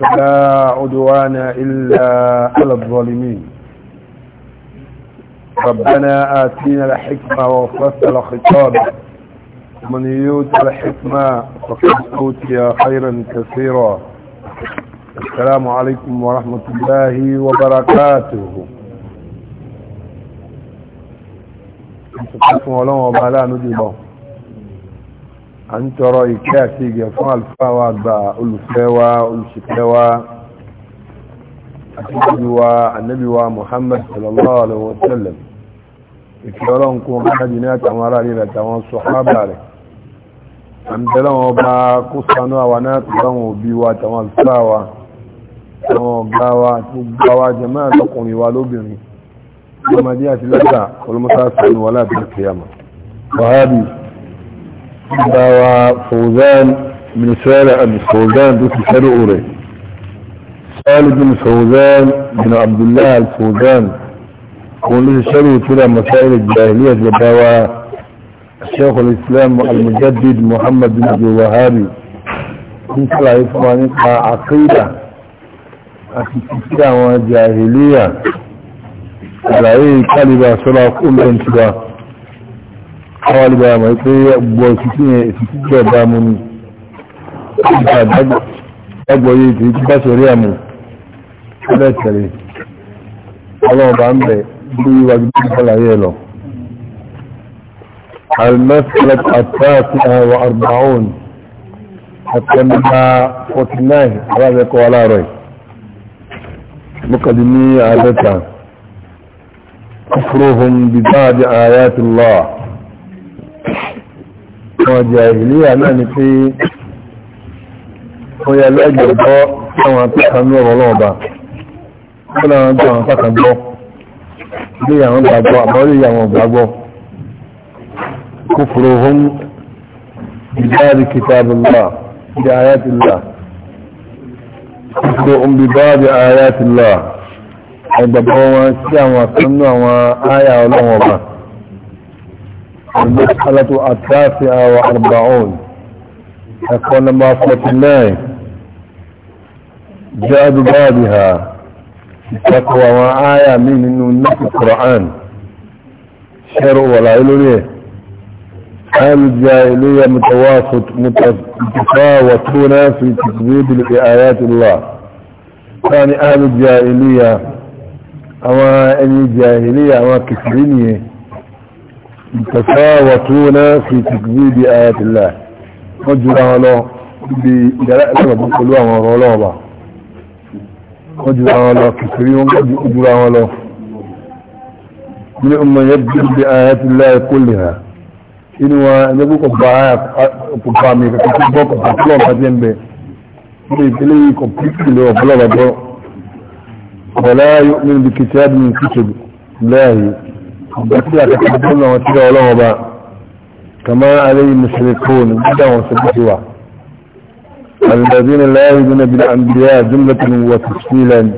فلا عدوان إلا على الظالمين ربنا آتينا الحكمة وفصل الخطاب من يوت الحكمة فقد أوتي خيرا كثيرا السلام عليكم ورحمة الله وبركاته سبحانه وتعالى نجيبه a ń tọrọ ìkẹ́ àti ìgẹ̀ fún àlùfáà wa àgbà olùfẹ́ wa olùṣìfẹ́ wa àti ìjọba ànábì wa Muhammad sallallahu alaihi wa sallam ìfẹ́ ọlọ́run kún kájì ní àtàwọn ará rí àtàwọn sọ̀hábà rẹ̀ àǹtẹ̀lẹ́ wọn bá kó sanú àwa náà tàwọn òbí wa àtàwọn àlùfáà wa دوا فوزان من سؤال ابن فوزان دوت الشرق وري سالة بن فوزان ابن عبد الله الفوزان قول الشرق كده مسائل الجاهلية دوا الشيخ الإسلام المجدد محمد بن عبد الوهابي كنت لا يفهمني عقيدة أكيد كده جاهلية على أي كلمة سلاك أمرن سلاك àwọn alìbára mọ̀ pé ọgbọ̀ ìsìnkú yẹn ìsìnkú jẹ́ ọba mú ni ọgbọ̀ yìí ti bá ṣẹ̀rí àmù ọlẹ́ tẹ̀lé ọlọ́ọ̀bá ń bẹ̀ bí wájú bí bọ́lá yẹ lọ المسألة التاسعة وأربعون حتى منها 49 على ذلك وعلى رأي مقدمي عادتها كفرهم ببعض آيات الله àwọn jàìlíyà náà ni pé ó yẹ lẹ́gbẹ̀ẹ́ gbọ́ àwọn apẹ́kan ní ọ̀rọ̀ ọlọ́ọ̀bà ó láwọn gbọ́ àwọn apẹ́kan gbọ́ ilé àwọn gbàgbọ́ àbọ́lé àwọn gbàgbọ́ kúfùrò hún ìdáàrí kìtàbùlá ìdí ayátìlá kúfùrò hún bíbáàrí ayátìlá ẹgbàgbọ́ wọn sí àwọn àkànnú àwọn áyà ọlọ́wọ̀n ọba المسألة التاسعة وأربعون أكون معصية الله جاء ببابها تقوى وآية من النفس القرآن شر ولا إليه أهل الجاهلية متواسط متفاوتون في تكذيب لآيات الله ثاني يعني أهل الجاهلية أما أهل الجاهلية أما كفرينيه يتفاوتون في تكذيب آيات الله وجرها له بدلاء لما بقلوا ورولوبا وجرها له كثيرون وجرها له من أما يبدل بآيات الله كلها إنه نبوك بآيات قبامي كتبوك بطلوب هاتين بي بيبلي كبتك لو بلوبا ولا يؤمن بكتاب من كتب الله بطلع تحضرنا وطلع ولوه بقى كما عليه المشركون جدا وسبحوا الذين لا يؤمنون بالأنبياء جملة وتفصيلا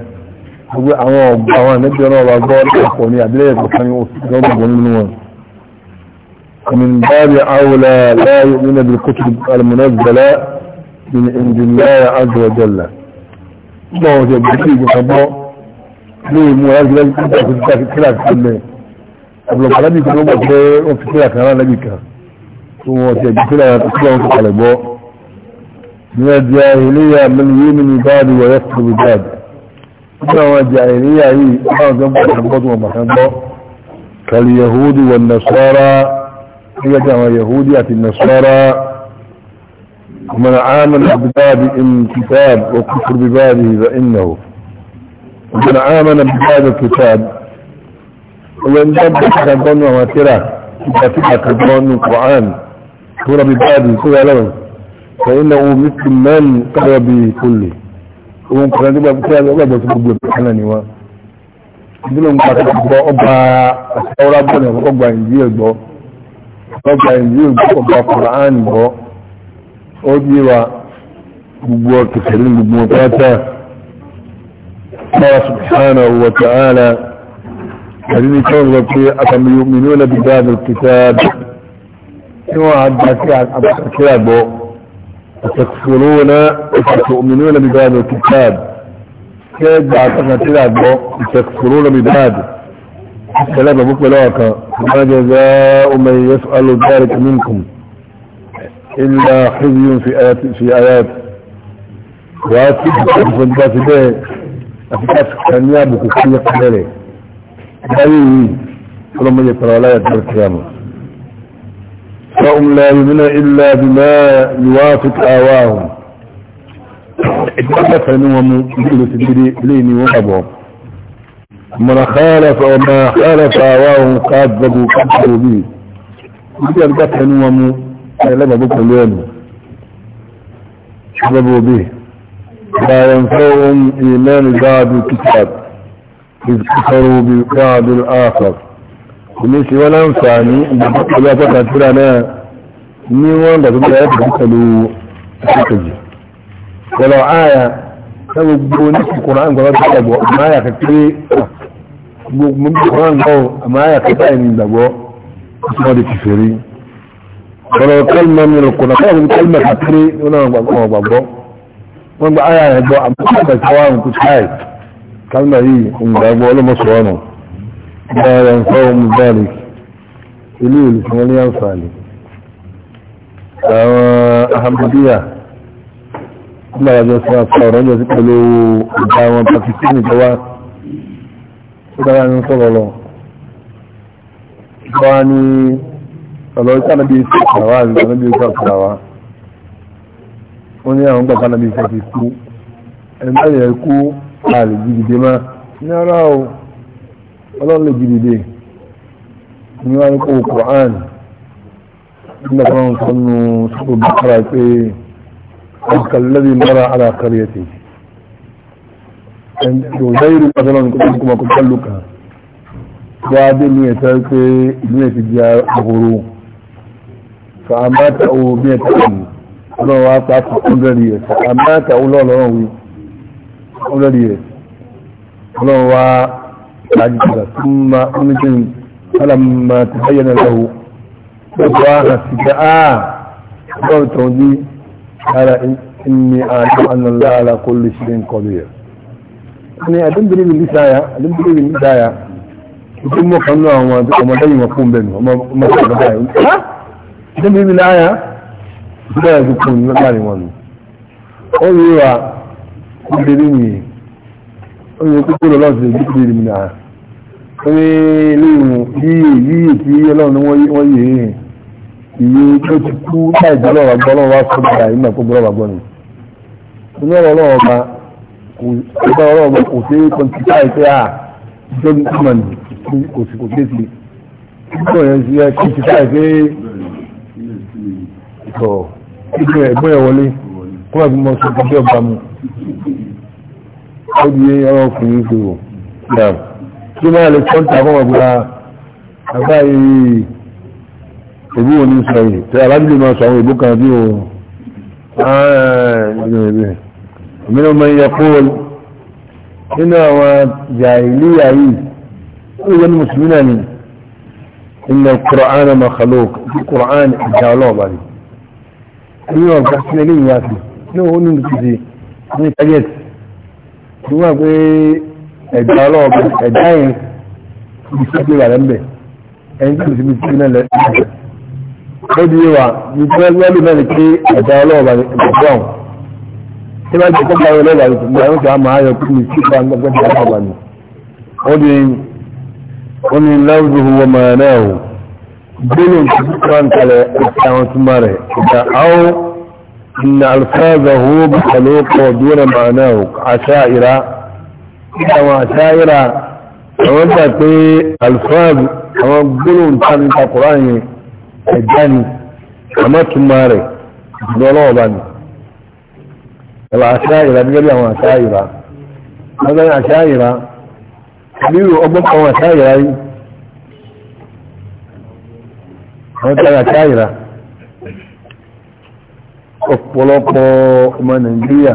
هو أمام أمام نبي رأى الأخبار أخواني عبدالله يتبقى يوم ومنون ومن باب أولى لا يؤمن بالكتب المنزلة من عند الله عز وجل الله يجب أن يكون ليه مو هذا الكتاب في الكتاب ọ̀pọ̀lọpọ̀ alábì kan ló mọ̀ pé wọ́n fi sílẹ̀ kan alábì kan tó wọ́n ti ẹ̀jẹ̀ sílẹ̀ kan sílẹ̀ wọn ti kalẹ̀ gbọ́ ní ẹ̀jẹ̀ ìléyà mẹ́lì yìí nínú ìbáàdì wọ̀ yẹ́sùn tó bá dì nínú àwọn ẹ̀jẹ̀ ìléyà yìí báwọn tó ń bọ̀ kan gbọ́ tó wọn bà kan gbọ́ kàlì yahudi wọ̀ nasara gẹ́gẹ́ bí àwọn yahudi àti nasara من عامل بباب كتاب وكفر ببابه فإنه ومن عامل بهذا الكتاب وين جنب كتبون وماترة كتبتك كتبون القرآن سورة ببعض سورة لهم فإنه مثل من قرأ بكله ومن قرأ بكله وقال بس بقول بحنا نوا ìdílé nǹkan àtàkùnkọ ọba àṣàwọ́rá bọ́ọ̀nà ọgbà ìdí ẹ̀gbọ́ ọgbà ìdí ẹ̀gbọ́ ọba kùrán gbọ́ ó bí wa gbogbo الذين كانوا أفهم يؤمنون بهذا الكتاب شو كتابه وتكفرون وتؤمنون بهذا الكتاب كيف بعتقنا تلعبه وتكفرون بهذا الكلام أبوك بلوكا ما جزاء من يسأل ذلك منكم إلا حزي في آيات في آيات وآتي في آيات في آيات في آيات في آيات báyìí ọlọ́mọ yẹ tọrọ aláyà فهم لا يؤمنون إلا بما يوافق آواهم اتفق فإنهم يقولوا تدري ليني وأبوهم من خالف وما خالف آواهم كذبوا كذبوا به يتبقى فإنهم لما بكم لينه كذبوا به لا ينفعهم إيمان بعد الكتاب إذ كفروا بالقعد الآخر ونسي ولا أنفعني بحق لا تقتل أنا ni wọ́n dàbí bí ẹ̀ẹ́dì pẹ̀lú ìṣẹ́kẹ̀jì pẹ̀lú àyà náà gbogbo ní kòkòrò àwọn ìgbàlódé ìgbàgbọ́ àmà àyà kékeré gbogbo ní kòkòrò àwọn ìgbàgbọ́ àmà àyà kékeré ní ìgbàgbọ́ tí wọ́n di kìfèrí pẹ̀lú kálmà ní ìrọ̀kùnà káwọn kálmà kékeré ní wọ́n gbàgbọ́ wọ́n gba àyà yẹn gbọ́ àmà àyà kalma yìí ìgbàgbọ́ ọlọ́mọsọ̀ ọ̀nà báyà ń fọ́ ọmọ báyìí ilé ìlú fún ní àǹfààní àwọn ahamadiya ọmọlájọ́ sí àpá ọ̀rọ̀ ọjọ́ sí pẹ̀lú ìgbà àwọn pakistani tó wá tó dára ní sọ̀rọ̀ lọ wá ní ọ̀lọ́ ìsànàbí ìsàkàwà àti ìsànàbí ìsàkàwà wọ́n ní àwọn gbàgbà nàbí ìsàkàwà ẹ̀mọ́ yẹ ku a lè jìdìde má ní ara o ọlọ́run lè jìdìde ní wọ́n kó Qur'an nígbà tó ń sọ nù sọ́kò bàkàrà pé ọ̀kàlẹ́bí mara ala qaryati ẹ̀ńtọ́ lẹ́yìn nípa tó lọ́run kó kó kó lù kàn wá dé ní ẹ̀tọ́ pé ìlú ẹ̀ ti di ahoro fàmátà ó bí ẹ̀tọ́ ọlọ́run wá pa fún years fàmátà ó lọ́ọ̀lọ́run wí already yes ọlọ́run wá àjíjìlá tó ń ma oníjìn alàmà ti báyẹ̀ náà lọ́wọ́ gbogbo àhà sí pé àà lọ́rùn tó ń yí ara inni àjọ annàlá ala kulli shirin ni àdúgbìrì ní ìsáyà àdúgbìrì ní ìsáyà ìdí mọ́ kan náà àwọn ọmọdé yìí wọ́n fún bẹ́ẹ̀ nù ọmọ ọmọdé yìí àdúgbìrì ní ìsáyà ìdí mọ́ kan náà àwọn ọmọdé yìí wọ́n fún bẹ́ẹ̀ nù obìnrin yìí ó yẹ kókó lọ lọ́sẹ̀ ìdíkùn ìrìn náà ó yẹ léwu yíyè yíyè tí ọlọ́run ni wọ́n yè é iye tó ti kú láì jẹ́ lọ́wọ́ gbọ́ lọ́wọ́ wá sọ́dọ̀ àyè náà tó gbọ́lọ́wọ́ gbọ́ ni inú ọ̀rọ̀ ọlọ́wọ́ ọba kò ọ̀rọ̀ ọba kò sí kọ́ńtítà ìpè à jọ́gí kúmọ̀ ní kò sí kò sí sí kúmọ̀ yẹn sí kọ́ńtítà ìpè ìtọ̀ ìgbẹ́ ẹ̀gbọ́n ẹ̀ wọlé kó mọ́ sọ́dọ̀ bí ọba mu ó di ọ̀rọ̀ ọkùnrin tó wọ̀ náà tí máa lè kọ́ńtà fún ọgbà àgbà yìí èbú òní sọ yìí tẹ alájúlé máa sọ àwọn èbú kan bí o ààrẹ ọmọ ìyẹ kóòl nínú àwọn jàìlíyà yìí ó yẹ ní mùsùlùmí náà ni ilẹ̀ kùrọ̀án makhaluk tí kùrọ̀án ìjà ọlọ́ọ̀bà ni ní ọ̀gá sílẹ̀ ní ìyá sí ní òun ní ìtìsí ní target tí wọ́n pé ẹ̀dá ọlọ́ọ̀bẹ ẹ̀dá yẹn ibi tí wọ́n rẹ̀ ń bẹ̀ ẹni tí ibi tí wọ́n lẹ̀ ń bẹ̀. ó di wa ní tí wọ́n lọ́lù náà ni pé ẹ̀dá ọlọ́ọ̀bẹ ẹ̀dá ọ̀hún. tí wọ́n ti kọ́kọ́ ayọ̀ lọ́wọ́ àti ìgbà yóò máa yọ kí ni tí wọ́n gbẹ́ bí ọlọ́ọ̀bẹ ni. ó di ó ní lọ́wọ́ wọn máa náà o gbólóhùn tí wọ́n kalẹ̀ ẹ̀ka àwọn túmọ̀ rẹ̀ ẹ̀ka àwọn إن ألفاظه مخلوق ودون معناه عشائر إنما عشائر وانت الفاظ ألفاظ وقلوا كان في القرآن الجاني كما تماري دولوبا العشائر بقل لهم عشائر هذا عشائرة حبيبه أبقى عشائرة هذا عشائر ọ̀pọ̀lọpọ̀ ọmọ nàìjíríà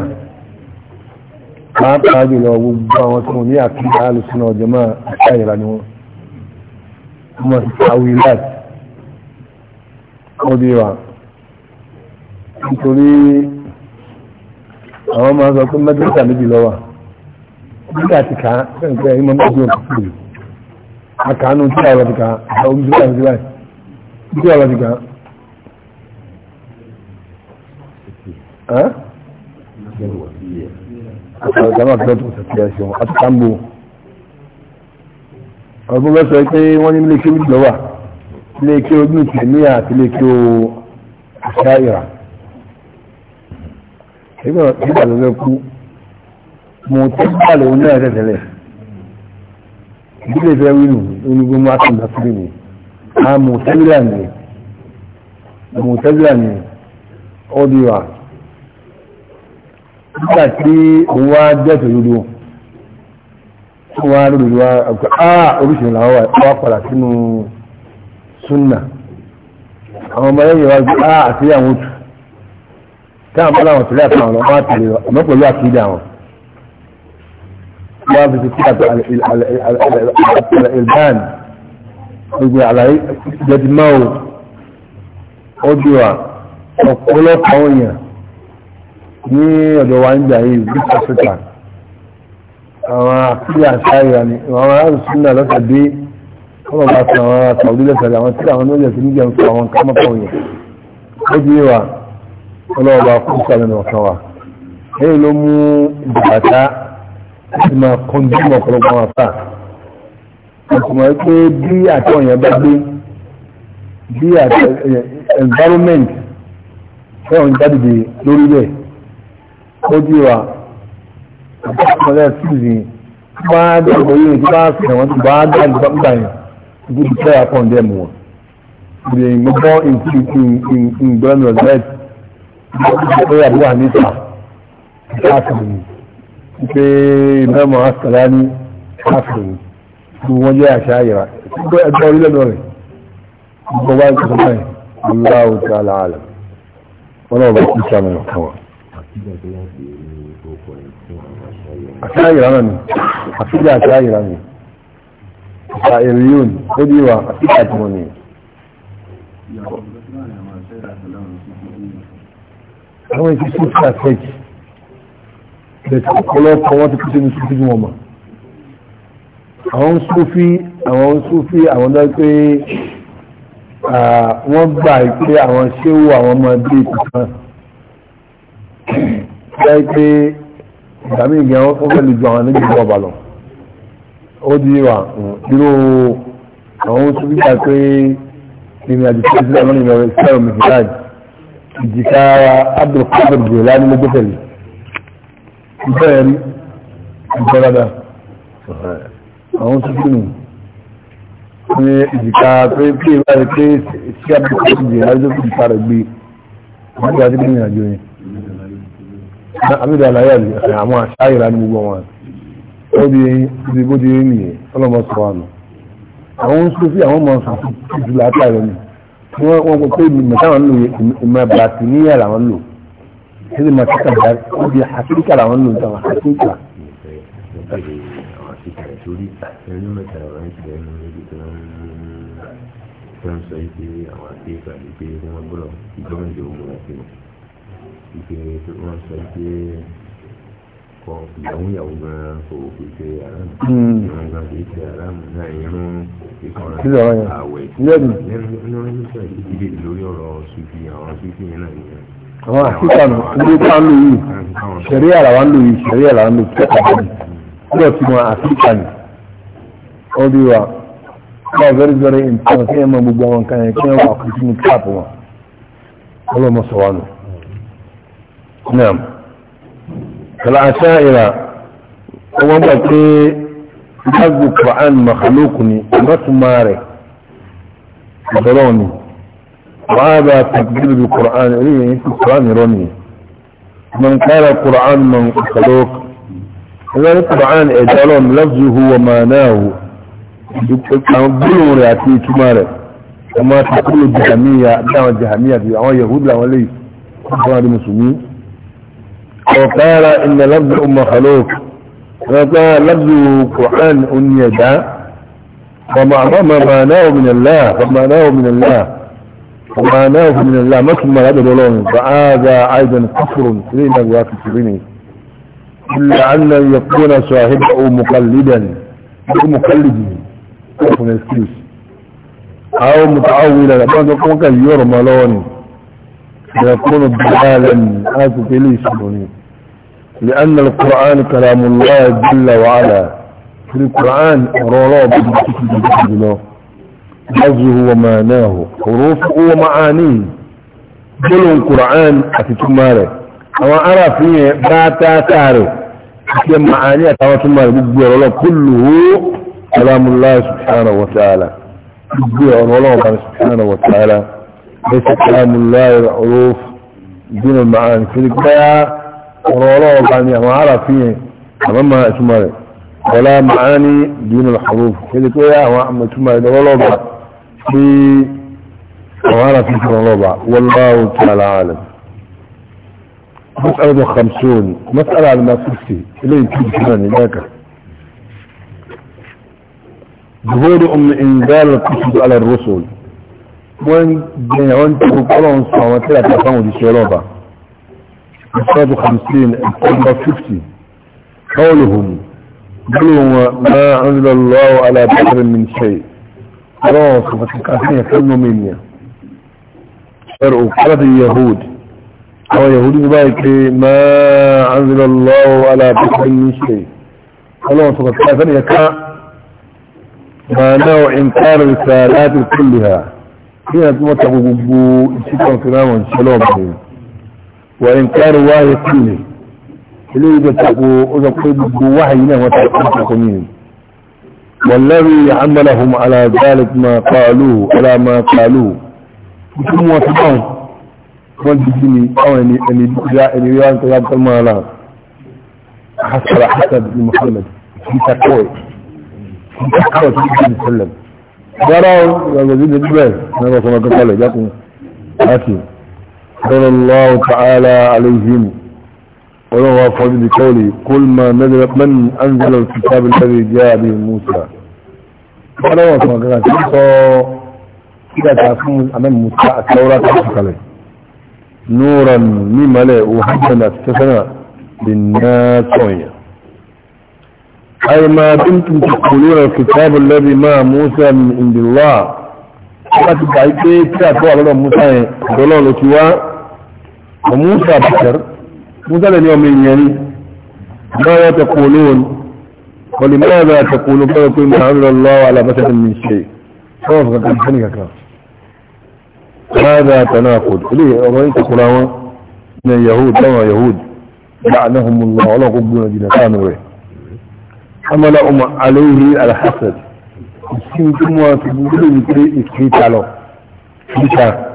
pàápàá jùlọ gbogbo àwọn tó ní àkíyà alùsùnà ọ̀jọ̀mọ́ àti àyẹ̀lá ni wọ́n ọmọ ìtàwí láti ọdí wa nítorí àwọn máa sọ pé mẹ́tẹ́ta méjì lọ́wà nígbà tí ká pẹ̀lú ìmọ̀ méjì ọ̀pọ̀ àkànú tí àwọn ti ká àwọn ojúbà ìjúbà ìjúbà ìjúbà àgbàlagbà fẹ́ tó tẹ̀sí ẹ̀sùn àtàkàmbò ọdún lọ́sọ̀ pé wọ́n ní ilé kéwì lọ́wà ilé kéwì ní ìtẹ̀míyà àti ilé kéwì àṣà ìrà nígbà tó fẹ́ kú mo tẹ́ bá lè wọ́n náà tẹ̀tẹ̀lẹ̀ ìdílé fẹ́ wí nù onígbó mú àtúndà sílé ni a mọ̀ tẹ́lẹ̀ ni mọ̀ tẹ́lẹ̀ ni ọ́ di wa nígbà tí òun wá jẹ́tò lódò fún wa lódò wá ọ̀pọ̀ àà oríṣìí làwọn wà padà sínú súnà àwọn ọmọ ẹ̀yẹ wa gbé àà ah, àti àwọn oṣù tí àwọn bọ́lá àwọn tẹ̀lé àti àwọn ọmọ àtẹ̀lé ọmọ pẹ̀lú àkídà wọn wọ́n fi ti kíkà tó àlẹ́ìlbán gbogbo àlàyé jẹ́ ti máa ó di wa ọ̀pọ̀lọpọ̀ àwọn ní ọ̀dọ̀ wa ń jà yìí east africa àwọn àfíà sáyà ni àwọn arúgbó lọ́sẹ̀ dé wọ́n bá sọ àwọn àtàwọn orílẹ̀-èdè àwọn tí àwọn orílẹ̀ tí ní jẹun sọ àwọn kámọ́kọ̀ yẹn ó jí wa ọlọ́ọ̀bá kún sàlẹ̀ ní ọ̀kan wa èyí ló mú ìbàtà láti máa kọjú mọ̀ ọ̀pọ̀lọpọ̀ wọn fà ìtumọ̀ pé bí àtọ̀ yẹn bá gbé bí eh, environment fẹ́ràn jáde lórí bẹ́ẹ̀ ojú wa ọ̀pọ̀lọpọ̀ ṣíìsì bá dàgbà yìí tí bá fi àwọn tó bá dàgbà gbà yìí ibi tí kẹ́yà pọ̀ ń dẹ́mu wọn. ìdè ìmọ̀gbọ́ ìgbọ́nù ọ̀dẹ́ẹ̀tì ìgbọ́nù àbúrò àníta káàkiri pé ìmọ̀mọ̀ àṣàlá ní káàkiri bí wọ́n jẹ́ àṣà àyẹ̀wà ẹgbẹ́ orílẹ̀-èdè rẹ̀ gbogbo wáyé kọ̀ọ̀kan báyìí aláwọ̀ tí a làálẹ̀ wọn náà bá kí sàmì ọ̀kan àṣáyìrá náà ni àfíjà àṣáyìrá ni ìta èrìyún ó bí wa àfíjà tí wọ́n ni àwọn èsì tó ti àfẹ́jì bẹ̀tẹ̀ ọ̀pọ̀lọpọ̀ wọ́n ti kúté ní sófí wọn mọ̀ àwọn sófí àwọn sófí àwọn dá pé wọ́n gbà pé àwọn ṣéwò àwọn ọmọ ẹbí kankan jẹ́ pé ìdàmí ìgbà ó fẹ́ lè ju àwọn níbi ìjọba ọba lọ ó di wà nínú àwọn oṣù gbígbà pé ìrìn àjò tó sílẹ̀ lọ́nà ìrọ̀rẹ́ sẹ́rọ̀ mìíràn ìjìká abdulkadir jẹ́lá ní mo gbẹ́tẹ̀lẹ̀ ìbẹ̀rẹ̀ rí ìbẹ̀rẹ̀dà àwọn oṣù gbígbà ní ìjìká pé pé ìbára pé sí abdulkadir jẹ́lá ló fi ìfarẹ̀ gbé wọ́n ti wá sí ìrìn àjò yẹn àmìdá aláyà ni ẹ̀fẹ̀ àwọn àṣáyìrá ní gbogbo wọn ó di ibi bó di rí nìyẹn ọlọ́mọ sọ wà nù àwọn ń sọ sí àwọn ọmọ sọ sí ìjù látàrí ni wọ́n wọ́n kọ́ pé mẹ́tàwọn lò ìmọ̀ bàtì níyà làwọn lò ìdí màtíkà dá ó di àfíríkà làwọn lò níta àfíríkà. àfíríkà lè pé ìpè tó wọ́n sọ pé kọ ìyàwó yàwó gan kò fi ṣe hmm. gan kì í ṣe náà irun ìkọ̀rọ̀ àwẹ̀ lẹ́nu lẹ́nu ìdílé lórí ọ̀rọ̀ ṣùfì àwọn ṣùfì yẹn náà nìyẹn. àwọn àfíkànù ilé tá ń lò yìí ṣẹ̀rí àrà ń lò yìí ṣẹ̀rí àrà ń lò kẹ́kọ̀ọ́ bọ́ọ̀lù nígbà tí wọn àfíkànù ó bí wa wọ́n very very important kí ẹ mọ gbogbo àwọn kan yẹn kí ẹ wà kúrú sínú wọn ọlọ́mọ sọ wa nù. نعم العشائر هو بقي حظ القرآن مخلوقني مسماري ضروني وهذا تقدير بالقرآن إليه إيه، القرآن يروني من قال القرآن من خلوق إذا القرآن إجالون لفظه وماناه يقولون رأتي تماري وما تقول الجهمية دعوة الجهمية في دعوة يهود لأولي القرآن المسلمين وقال إن لفظ أم خلوق وقال لفظ قرآن أنيدا ومعناه معناه من الله فمعناه من الله ومعناه من الله ما ثم هذا دولون فهذا أيضا قصر سرين أبوات سرين إلا أن يكون صاحبه مقلدا أو مقلد أو متعولا أو متعولا أو مالوني ويكون ضلالا آتت إليه سبني لأن القرآن كلام الله جل وعلا في القرآن أرولو بالله جزه وماناه حروفه ومعانيه جل القرآن أتتماره أما أرى فيه باتا تاره في معانيه أتتماره الله كله كلام الله سبحانه وتعالى بجير الله سبحانه وتعالى ليس كلام الله العروف دين المعاني في بقى ورولوه كان يعمل فيه أمامها أسماري ولا معاني دين الحروف في بقى وعما أسماري ورولوه بقى في وعلى فيه ورولوه بقى والله تعالى عالم مسألة وخمسون مسألة على ما فيه إليه كيف كمان ذاك ظهور أم إنزال القصد على الرسل wọ́n jẹ́ wọ́n tó kọ́lọ́n sọ àwọn tí àti àfáwọn òdíṣẹ́ ọlọ́ba ìṣọ́dù kàmsílìn ẹ̀kọ́gbà 50 kọ́ọ̀lùhùn gbọ́lùwọ̀n máa ń lọ lọ́wọ́ alábẹ́rẹ́ mi ṣe ọlọ́wọ́ sọfàtí káfíń ẹ̀fẹ́ nọ́mìnìyà ṣẹ̀rọ òkúrẹ́dì yahud àwọn yahud ní báyìí pé máa ń lọ lọ́wọ́ alábẹ́rẹ́ mi ṣe ọlọ́wọ́ sọfàtí káfíń ẹ̀ká ما نوع إنكار الرسالات كلها kí ẹ̀ tí wọ́n ta gbogbo ìṣíkàn fi ráwọn ìṣẹ́ lọ́ọ̀bù wà ní káàrù wáyé kú ni eléyìí tó tako ó sọ pé gbogbo wáyé náà wọ́n ta kí tó kọ́ nínú والذي عملهم على ذلك ما قالوه على ما قالوه ثم وصفهم والجسمي أو أن أن يوان تجاب المالات حسب حسب محمد في تقوي في تقوي صلى الله عليه وسلم قالوا وزيد البيت قال الله تعالى عليهم ولو أفضل بقوله كل ما نزل من أنزل الكتاب الذي جاء به موسى قال الله صلى الله عليه أمام موسى التوراة تحقق نورا مما لا أحبنا استثناء للناس أي ما دمتم تقولون الكتاب الذي ما موسى من عند الله قد بعيدت كتابه على موسى قالوا له وموسى بكر موسى لن يؤمن يعني ما تقولون ولماذا تقولون كما كل ما الله على بشر من شيء خوف قد أمسني كلا ماذا تناقض ليه أولئك تقولون من يهود لما يهود لعنهم الله ولا قبلنا دينا كانوا ايه حمل أم عليه الحسد مسكين جمعة تقول إكريت على بكا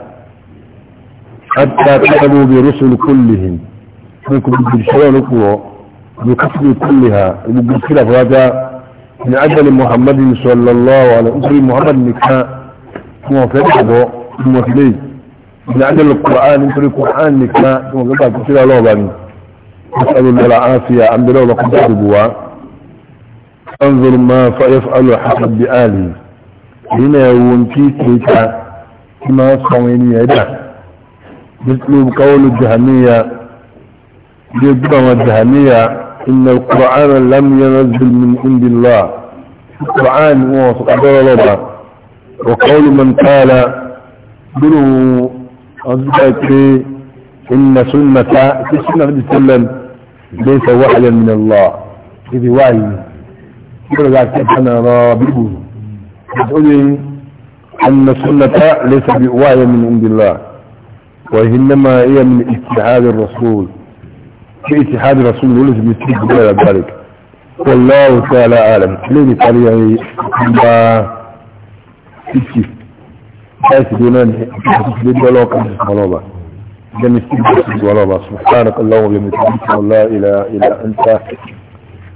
حتى كتبوا برسل كلهم ممكن بالشوان القوة بكتب كلها بكتب فراجع من عجل محمد صلى الله عليه وسلم محمد نكا نكاء موافقه موافقه من عجل القرآن من القرآن نكا نكاء موافقه كتب الله بني نسأل الله العافية عند الله لقد أعربوا انظر ما فيفعل حسب بآله هنا ينكي كيتا كما صوين يدا مثل قول الجهنية جدا والجهنية إن القرآن لم ينزل من عند الله القرآن هو صدر الله وقول من قال بلو أصدقائي إن سنة في سنة ليس وحيا من الله إذ وعي يقول لك أنا رابعه تقولي أن السنة ليس بأواية من عند الله وإنما هي من اتحاد الرسول في اتحاد الرسول وليس بيستيق بلا ذلك والله تعالى أعلم ليه بطريقة الله تكيف حيث دونان تكيف ولو كان ولوبا جميع تكيف ولوبا سبحانك اللهم وبحمدك لا إله إلا أنت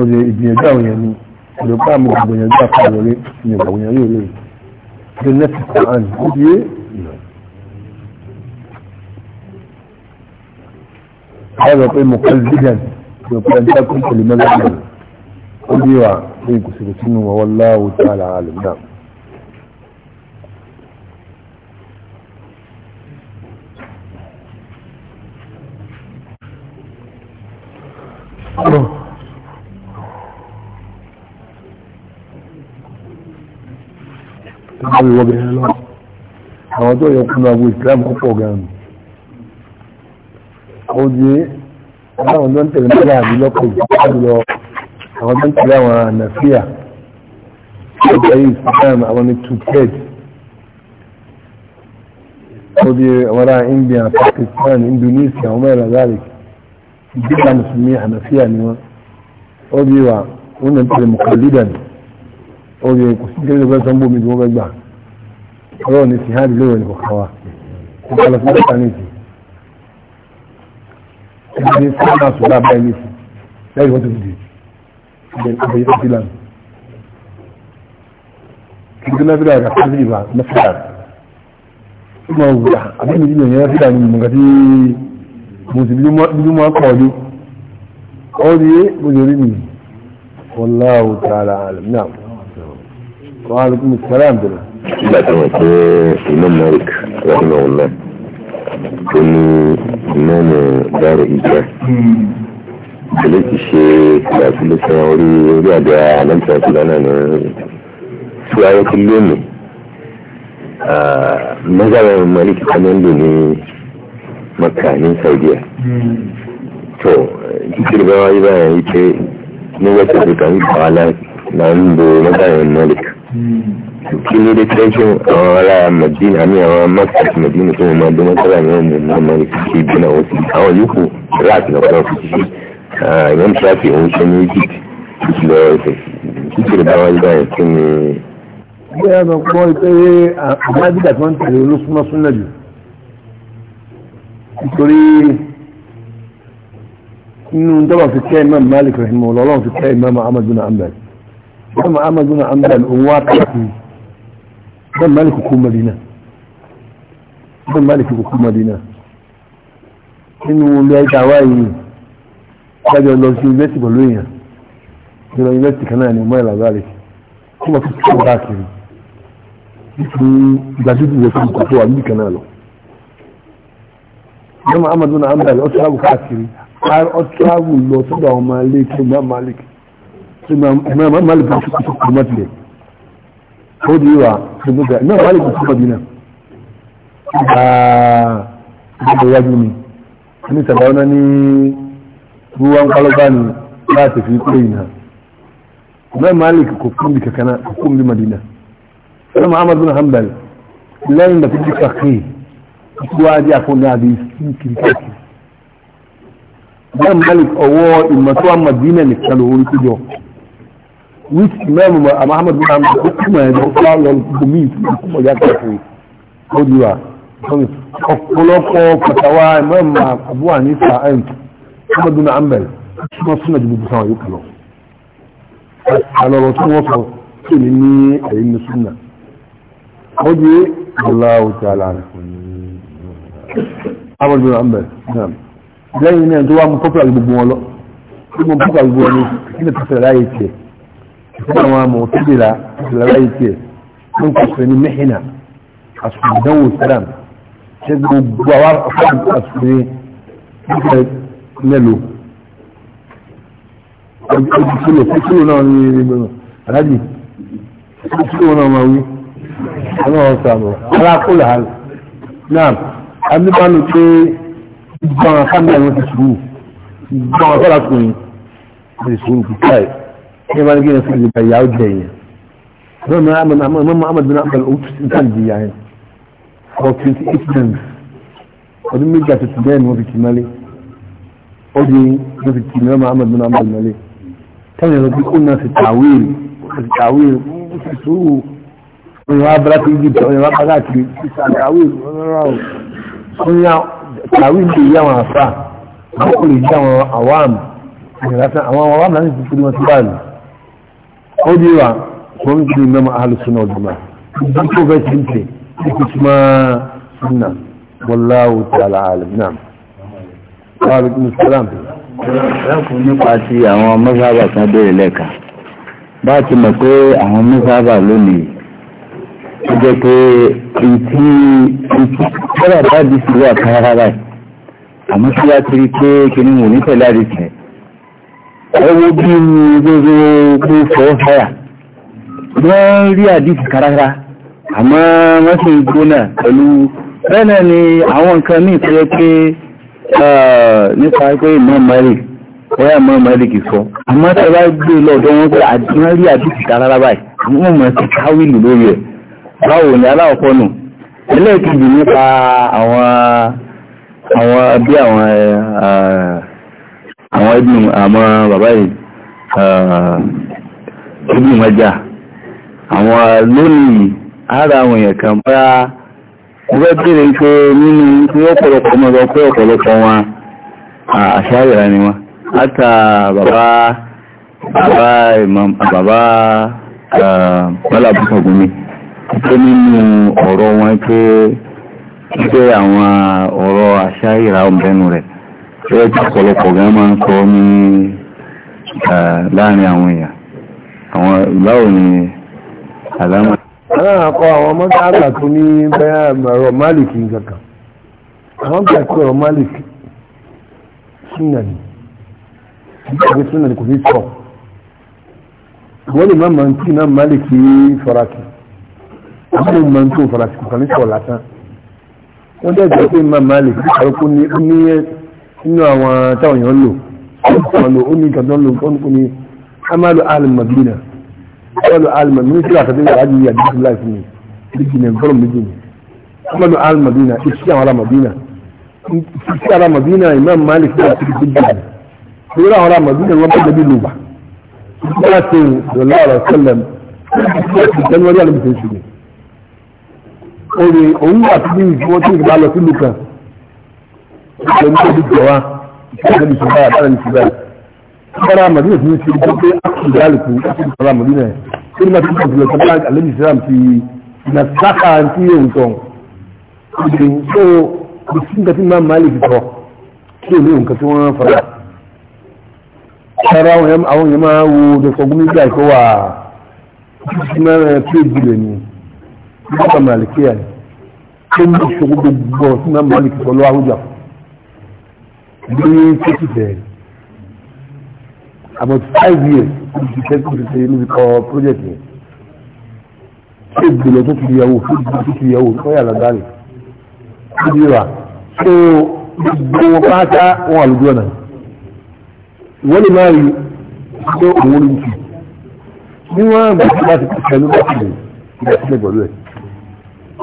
ọdẹ ìgbìyànjú àwọn èèyàn ni ọdọ bá mú ìgbìyànjú àpàlọ rẹ ìyànjú àwọn èèyàn yóò lè ṣe nẹẹsì kan ó di é ọ̀rọ̀ pé mo kọ́ zidan ló pẹ́ ń dákún pẹ̀lú mẹ́lẹ́gbẹ̀rẹ̀ ó di wà ní ìkùsìkùsì nù wọ́n láwùjọ àlàálù náà àwọn obìnrin lọ àwọn tó yẹ kúnnà àgbo islam pọ̀ gan-an ó di àwọn tó ń tẹ̀lé mẹ́ta àbí lọ́pọ̀ jùlọ àwọn tó ń tẹ̀lé àwọn ànàfíà ó jẹ́ islam àwọn ní tuket ó di àwọn ará India Pakistan Indonesia àwọn mẹ́rin lazari ìdíkà mùsùlùmí ànàfíà ni wọ́n ó di wa wọ́n ń tẹ̀lé mọ̀kàlídà ni ó di kò sí kéré lọ́pẹ́ sanbó mi tí wọ́n fẹ́ gbà ọlọ́run ní tìhádì lóòrùn ní kọ̀ọ̀kan wa ó kọ́ lọ sí mẹ́ta ní ìsìn ẹgbẹ́ ní sábà sùgbà báyìí ní ìsìn lẹ́yìn wọ́n tó dìde ìgbẹ́ abẹ́yẹ tó fìlà kìdí náà fìlà kàkà sí ìbá mẹ́fìlà ó máa wù yà àbí mi ìyẹn yẹn fìlà ní mọ̀gá tí mo sì bí mo kọ̀ ọ́ ní ọ́ ní mo yẹ rí mi wọ́n láwùtà àlàálẹ̀ náà wọ́n á lè kí mi sẹ́rẹ̀ àbẹ̀rẹ̀ nígbà tí wọ́n pé imam malik rahimahullah tó ní imam dárò ìjẹ́ ìdílé ti ṣe ìdásílẹ̀ sọ orí orí àdá aláǹtà ìpínlẹ̀ náà ní tí wáyé tí lónìí mọ́sára malik kan ń lò ní maka ní saudiya tó títí bá wáyé báyà yìí pé ní west africa ń bá ń lo mọ́sára malik kí ló dé tẹ́ ṣe àwọn ará madina ní àwọn masjid madina tó wọn máa dé mọ́sálà ní ọmọ ìlú ọmọ rẹ̀ kí ibi náà wọ́n ti àwọn yòókù láti lọ́pọ̀ fi ṣe ah, ìyẹn tí a fi òun ṣe ní egypt ti lọ ẹsẹ̀ títí rẹ̀ bá wáyé báyìí kí ni. bí a lọ gbọ́ pé àbájídà tó ń tẹ̀lé olóṣùmọ́ súnlẹ̀ jù nítorí inú dọ́bà fi kẹ́ imam malik rahimu ọlọ́run fi kẹ́ imam ahmadu na ambal imam ahmadu na ambal òun wá kàkiri ban maliki ko madina ban maliki ko madina nínú ilé ayé tàwa yìí lájọ lọ sí yunifásitì pẹ̀lú èèyàn ìlọ yunifásitì kan náà ni mọ́ ìlàgbà rẹ̀ tí wọ́n fi tó káàkiri nítorí ìgbàdúgbò rẹ̀ fún ìkọ̀tọ̀ wà níkan náà lọ. Yọ́mọ̀ Amadu náà Amadu ọ̀tún ààbò káàkiri ọ̀tún ààbò lọ sọ́dọ̀ àwọn ọmọ ilé tí ó máa Malik tí ó máa Malik bá tó kọ́tọ̀ kọ́mọ́tì rẹ̀ ó di wà gbogbo náà wà lè kú fún ọdún náà gbogbo wájú mi ní sàbáwọ́ náà ní ruwa ń kálọ́gbá ni láti fi pé ìnà náà malik kò fún bí kankana kò fún bí madina sọ́nà muhammad bin hanbal lẹ́yìn da fi kàkí wájú àfún náà bí sí kìrìkìrì náà malik ọwọ́ ìmọ̀tọ́wà madina nìkan lòun kújọ which imam Muhammad bin Hamad hukumu ẹ̀ lọ fún àwọn ìgbòmí ìfúnkúmọ̀ ya kẹfì ó di wa ọ̀pọ̀lọpọ̀ pàtàwà imam Abu Hanifa ẹ̀ Muhammad bin Hanbal wọ́n súnmọ́ ju gbogbo sáwọn yòókù lọ alọ́rọ̀ tí wọ́n sọ sí ni ní ẹ̀yìn ní súnmọ́ ó di aláwọ̀ tí Allah lára Muhammad bin Hanbal lẹ́yìn náà tó wà mú pọ́pùlà gbogbo wọn lọ gbogbo pọ́pùlà gbogbo wọn ní ilẹ̀ pàtàkì láyé tiẹ̀ fún àwọn amòtúbìlà ìlàlá ìkẹ́ wọ́n kò pè ní mẹ́hìnà àsùnìdánwò sẹ́ràn ṣe gbogbo àwọn afọ́nà àsùnì nípa mẹ́lò ojú kílò fún kílò náà ní ìrìnbọn aláàjì fún kílò náà máa wí ọmọ ọ̀sán àbọ̀ alákòlà náà adébánu pé gbọ́n àkáńdà wọn ti sùúrù gbọ́n àkọ́lá kùnrin ti sùúrù kíkà ṣe máa ń gé ẹsẹ̀ ìgbà ìyàwó jẹ yẹn lọ́nà Muhammad bin Abdul Oud nǹkan di yàrá for twenty eight months ọdún méjì àti tìǹbù ẹ̀ ni wọ́n fi tì mọ́lé ó di wọ́n fi tì mọ́lé Muhammad bin Abdul mọ́lé táwọn ẹ̀rọ bíi kóńdà sí tàwíìl sí tàwíìl ó sì sùúrù ọ̀yàn abúlá ti yí ọ̀yàn wá bàgà kiri sí tàwíìl ọ̀rọ̀ ọ̀yàn tàwíìl lè yí àwọn àfà àwọn kò lè yí àwọn àwàm àwọn àwàm náà sì ti fi wọn sí báyìí ó ní wa wọ́n gbé mẹ́mọ́ alùsùn ọ̀dùnmá wọ́n tó fẹ́ sí pé ikú tí máa súnà wallahu ta'ala alim náà wà lókè ní sàlám. ẹkùn nípa ti àwọn mọ́sáàbà kan béèrè lẹ́ka bá ti mọ̀ pé àwọn mọ́sáàbà lónìí ó jẹ́ pé ìtì ìtì kọ́lá bá di sílẹ̀ kan rárá àmọ́ sí wá ti rí pé kí ni mò ní tẹ̀lé àdìsẹ́ ẹwọ́ bí gbogbo fọ́ fáyà wọ́n rí àdíkì kárára àmọ́ wọ́n sì ń gbóná pẹ̀lú bẹ́ẹ̀ ni àwọn nǹkan ní ìpẹ́lẹ́ pé nípa pé ìmọ̀ mẹ́rì ọ̀yà mọ́ mẹ́rì kì sọ àmọ́ tẹ́ bá gbé e lọ́dọ̀ wọn pé wọ́n rí àdíkì kárára báyìí àwọn ọmọ ti káwìlì lórí ẹ̀ báwo ni aláwọ̀kọ́ nù ẹlẹ́ẹ̀kejì nípa àwọn àwọn bí àwọn àwọn ibùn àmọ́ bàbá yìí ibùn ah, mẹ́jà àwọn lónìí ara àwọn èèyàn kan bá ọgbẹ́ bèèrè pé nínú tí ọ̀pọ̀lọpọ̀ mọ́ lọ pé ọ̀pọ̀lọpọ̀ wọn ah, àṣáyẹ̀rẹ́ ni wọn látà bàbá bàbá imam bàbá mọ́làbùsọ̀gùn mi pé nínú ọ̀rọ̀ wọn pé àwọn ọ̀rọ̀ àṣáyẹ̀rẹ́ ọ̀bẹ̀nu rẹ̀ ẹgbẹ́ tí ọ̀pọ̀lọpọ̀ gan máa ń kọ́ ní láàrin àwọn èèyàn àwọn ìbáwò ni àlámà aláàrán kọ́ àwọn mọ́tà àgbà tó ní bẹ́ẹ̀ ẹ̀rọ máàlìkì kankan àwọn gbà pé ẹ̀rọ máàlìkì súnà ní nígbà pé súnà ní kò fi sọ wọ́n lè má máa ń tí náà máàlìkì fọ́rakì àwọn lè máa ń tó fọ́rakì kò kàn ní sọ̀ lásán wọ́n dẹ̀ jẹ́ pé má máàlìkì kò ní nínú àwọn táwọn èèyàn lò ọ̀nà omi kàdán lò ó ní amalu al-madina amalu al-madina ní sílẹ̀ àtàdé aláàjì ní àdínkù láìpẹ́ ní bíkì ní gbọ́dọ̀ méjì ní amalu al-madina ìṣí àwọn ará madina ìṣí ará madina imam malik ní àti ìṣí jù ní ìṣí àwọn ará madina wọn bẹ́ẹ̀ bí lùbà ìṣí láti rọlá ọ̀rọ̀ sẹ́lẹ̀m láti january alẹ́ bìtẹ̀ ìṣù ní. àti bí ìṣẹ̀lú tó dìjọ wa ìṣẹ̀lú ní ṣùgbọ́n àbára ní ṣùgbọ́n ìṣẹ̀lá màdínà tí ó ṣe tó pé ákùnrin àlùkù ákùnrin sọ̀rọ̀ màdínà tí ó ní máa ti kọ̀ sílẹ̀ sọ́kà àlẹ́bí ìṣẹ̀lám ti ìnà sáka tí ó ń tọ̀ ọdún tó kò sí nǹkan tí máa máa lè fi tọ̀ tí ò ní nǹkan tí wọ́n fara ṣara àwọn yẹn máa wo dọ̀tọ̀ gómìnà ìgbà ìkọ́ wà tí máa rẹ̀ tó ìbílẹ̀ ni ìgbà màlìkíyà ni tó lórí títí bẹ̀rẹ̀ about five years ní ti tẹ́kù ti ṣe níbi project yẹn ṣé ìgbìlọ̀ tó ti yàwó fún ìgbìlọ̀ tó ti yàwó lọ́yà lọ́dá rẹ̀ ó di rà so gbogbo wọn pátá wọn àlùjọ náà wọ́n lè máa rí ṣé òun ló ń tì ní wọ́n àgbà tó bá ti pèsè ló bá ti lè ìgbà sílẹ̀ pẹ̀lú ẹ̀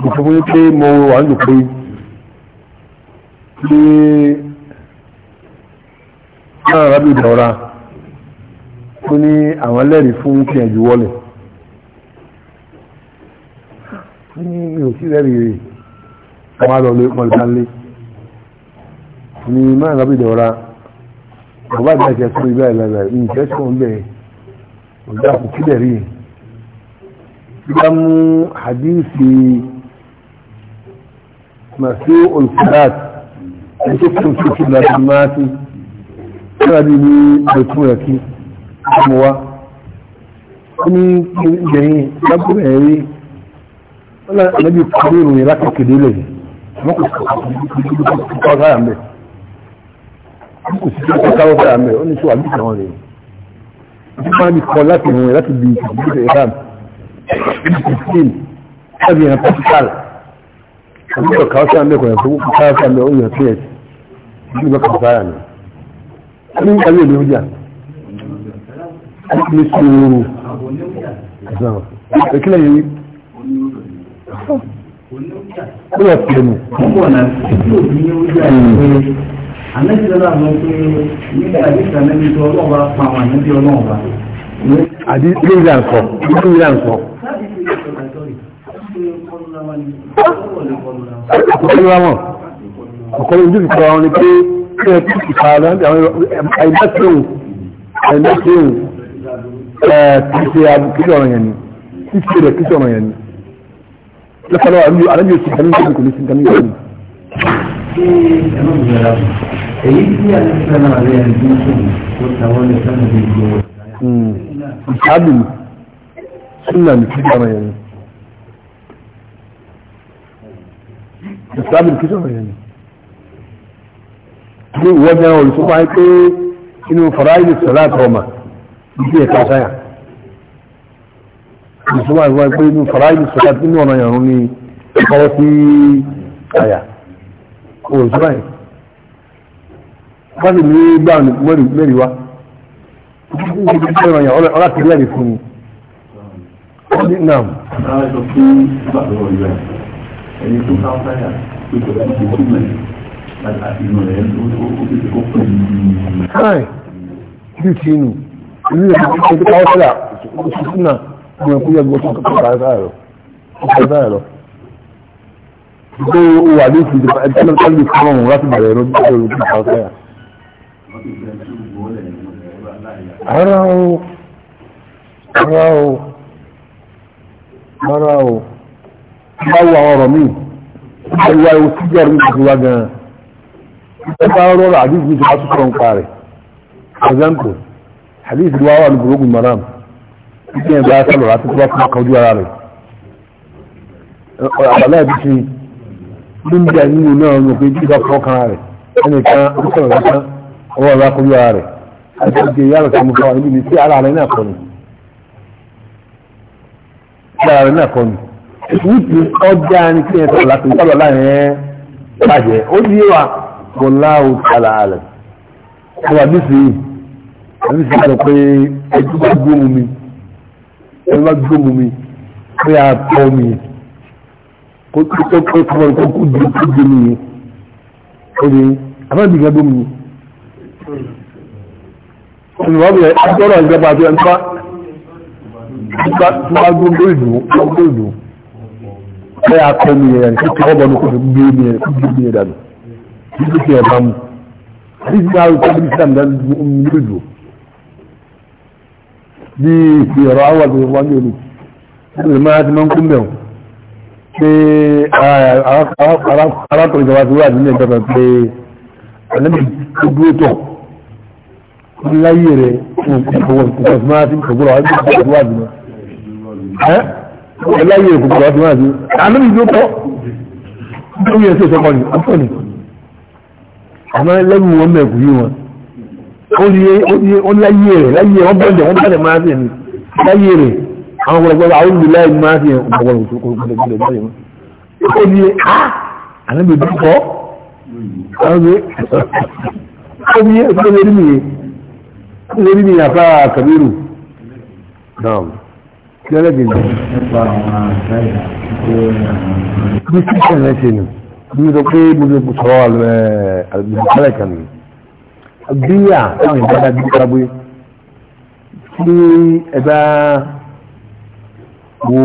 mo fún yín pé mo wà ń lò pé pé náà rábì ìdàwọ́ra ó ní àwọn lẹ́rìí fún kí ẹ̀jú wọlé ní mi ò sí lẹ́rìí rẹ̀ àwọn àlọ́lé pọ̀lìtánlé ní máa rábì ìdàwọ́ra bàbá ìdá ìṣẹ́ fún ibà ìlànà ìṣẹ́ tó ń bẹ̀ ọ̀dà kò kílẹ̀ rí bá mú hadithi masu olùkúrát ẹni tó kí n tó kí n láti máa ti sáàbí ní ẹ̀kún rẹ̀ kí ọmọ wa ó ní ìgbẹ̀yìn lábúrẹ̀ ẹ̀rí ọlọ́bí kọrí ìròyìn lákòkèdè lẹ̀ wọ́n kò sí kọ́ sára mẹ́ wọ́n kò sí kọ́ sára mẹ́ ó ní sọ àbí ìtàn rẹ̀ wọ́n máa bí kọ́ láti ìròyìn láti bí ìtàn ìròyìn ìròyìn sábì yẹn pàtíkàl àbí kọ́ sára mẹ́ kọ̀ yẹn tó kọ́ sára ní ìgbà yóò lórí à ní sòrò ìzàwọ̀ ìpèkílẹ̀ yìí ó lọ pè mí. Àlẹ́sẹ̀lá ló pé nígbà àdìsá lẹ́ni tó ọlọ́ọ̀bá pa àwọn àyẹ́bí ọlọ́ọ̀bá. Àdí ilé ìlà ǹkọ̀, ilé ìlà ǹkọ̀. Ọ̀kọ́lù wa mọ̀, ọ̀kọ́lù ojú ìkọ̀ wa ni pé àìmọ́síhùn àìmọ́síhùn ẹ̀ẹ́dẹ́gbẹ̀rẹ̀ kíkọ́ ọ̀rọ̀ yẹn ni kíkọ́ rẹ̀ kíkọ́ ọ̀rọ̀ yẹn ni lọ́pàá àmì àlejò sí ìkànnì ìjọba kò ní sí ìkànnì ìjọba. èyí tí a ti fẹ́ náà rẹ̀ ń dín sí kó tàwọn lè fẹ́ níbi ìgbò. ìsáàbì súnà ní kíkọ́ ọ̀rọ̀ yẹn ni ìsáàbì kíkọ́ ọ̀rọ̀ yẹn ni. ní ìwọ́n náà olùsọ́pá pé inú faraidi sọ́lá tọ́mà ìdí ẹ̀ka sáyà olùsọ́pá ìwọ́n pé inú faraidi sọ́lá nínú ọ̀nà ìrún ní ọwọ́ sí àyà olùsọ́pá yìí wọ́n sì ní gbà mẹ́rin wá ọlá ti lẹ́rìí fún mi wọ́n ní nàm. ẹni tó ká sáyà pé kò sí ìtumọ̀ Hi, bí ti nù, ìlú ìrìnàjò oṣù tí ní ọkú yẹ gbọ́sùn tó kọ̀ọ̀kọ̀ àìsáà wà ní ìfìdí ẹgbẹ́ fún ọmọ láti bẹ̀rẹ̀ ẹ̀rọ bí ó rú Ara o, ara o, ara o, báwo àwọn ọ̀rọ̀ míì, ìtọ́ka rọrọ̀ àdíjì ní ìjọba tuntun ń parẹ̀ for example hadith wa wà ní gbogbo maram ìpín ẹ̀gbẹ́ asálọ̀ láti tó bá fún ọkọ̀ ojú ara rẹ̀ àbálá ẹ̀bí ṣe ní ń bíà nínú náà ń pè jíjá fún ọkàn rẹ̀ ẹnì kan ó sọ̀rọ̀ lásán ọwọ́ ọ̀rọ̀ akọjú ara rẹ̀ àti ìgbé yàrá tó mú fáwọn níbi والله تعالى عالم هو مثلي مثلي أنا قوي أجمع جمومي أجمع جمومي قوي عطومي قلت قلت قلت قلت قلت قلت جميع قولي أما بيجا جمومي الوضع أدرى الجبعة أنت ما أقول بيدو أقول بيدو قوي عطومي يعني كنت غضا نقول بيدو يعني كنت بيدو títí tí ẹ̀ bá mu àdìsí náà wípé bí islam dá ju omi lójú bí ìfi ọ̀rọ̀ àwọn àti ìwà ní olù tí ìlú máa ti máa ń kú mẹ́wọ̀n pé arákùnrin kan wá sí wáàdí ní ẹ̀dọ́fẹ́ pé alẹ́mì tó dúró tọ̀ láyé rẹ̀ kòkòrò kòkòrò sí máa ti kòkòrò àwọn ìgbésẹ̀ wáàdí náà ẹ̀ láyé rẹ̀ kòkòrò sí máa ti alẹ́mì tó tọ̀ lórí ẹ̀sẹ̀ ìṣọ́kọ̀ ni àmọ́ lẹ́yìn wọn mẹ́kù yí wọn ó ní láyé rẹ̀ láyé wọ́n bẹ̀rẹ̀ wọ́n bẹ̀rẹ̀ máa fi láyé rẹ̀ àwọn ọ̀pọ̀lọpọ̀ àwọn olùlá ẹ̀ máa fi ọ̀pọ̀lọpọ̀ tó kọ́ gbọ́dọ̀ báyìí wọn ó ní á ànábì dúkọ́ ó ní ó ní rí mi ó ní rí mi àfa kàbírù náà kí ọlẹ́gbẹ̀ẹ́ bí sí ìṣẹ̀lẹ̀ ṣe nù bíro pé gbogbo ìpùsọ̀ eh, àlùmọ̀kálẹ̀ kan ní bíyà táwọn ìbára bí kábé tí ẹ̀dá wo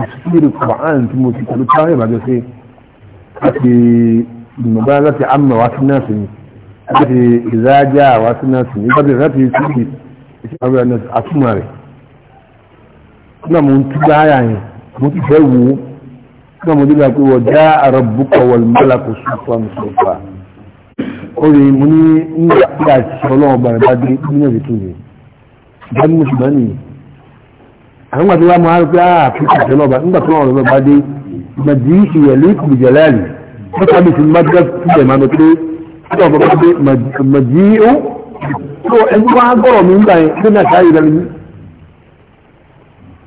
ìsìkiri kọ̀án tí mo ti pẹ̀lú táwọn ìbàjọ́ sí láti ìmọ̀gbá láti àmà wá sí náà sí ni láti ìzájá wá sí náà sí ni láti láti ìsìkiri ìsìkiri àtúmọ̀ rẹ̀ náà mo ń túbọ̀ àyà yẹn mo ti fẹ́ wò ó náà mo dígbà pé wọ́n já àrọ̀ búkọ̀ wọ̀l mọ́làkù sọ́fà sọ́fà ó rí mú ah, ní nígbà tí ọlọ́run bàrẹ̀ bá dé nínú èdè tó rè bá ní mùsùlùmá nìyí àwọn gbàtí wàá máa rí pé àà fi kàtẹ́ lọ́ba nígbà tó ọ̀rọ̀ bá dé màdìísì yẹ̀lú ìkùn jẹ̀láàlì wọ́n sábì sí mádìgá fúlẹ̀ máa lọ pé tí ọ̀bọ̀ bá dé màdìí ó ẹgbẹ́ wa mi nígbà yẹn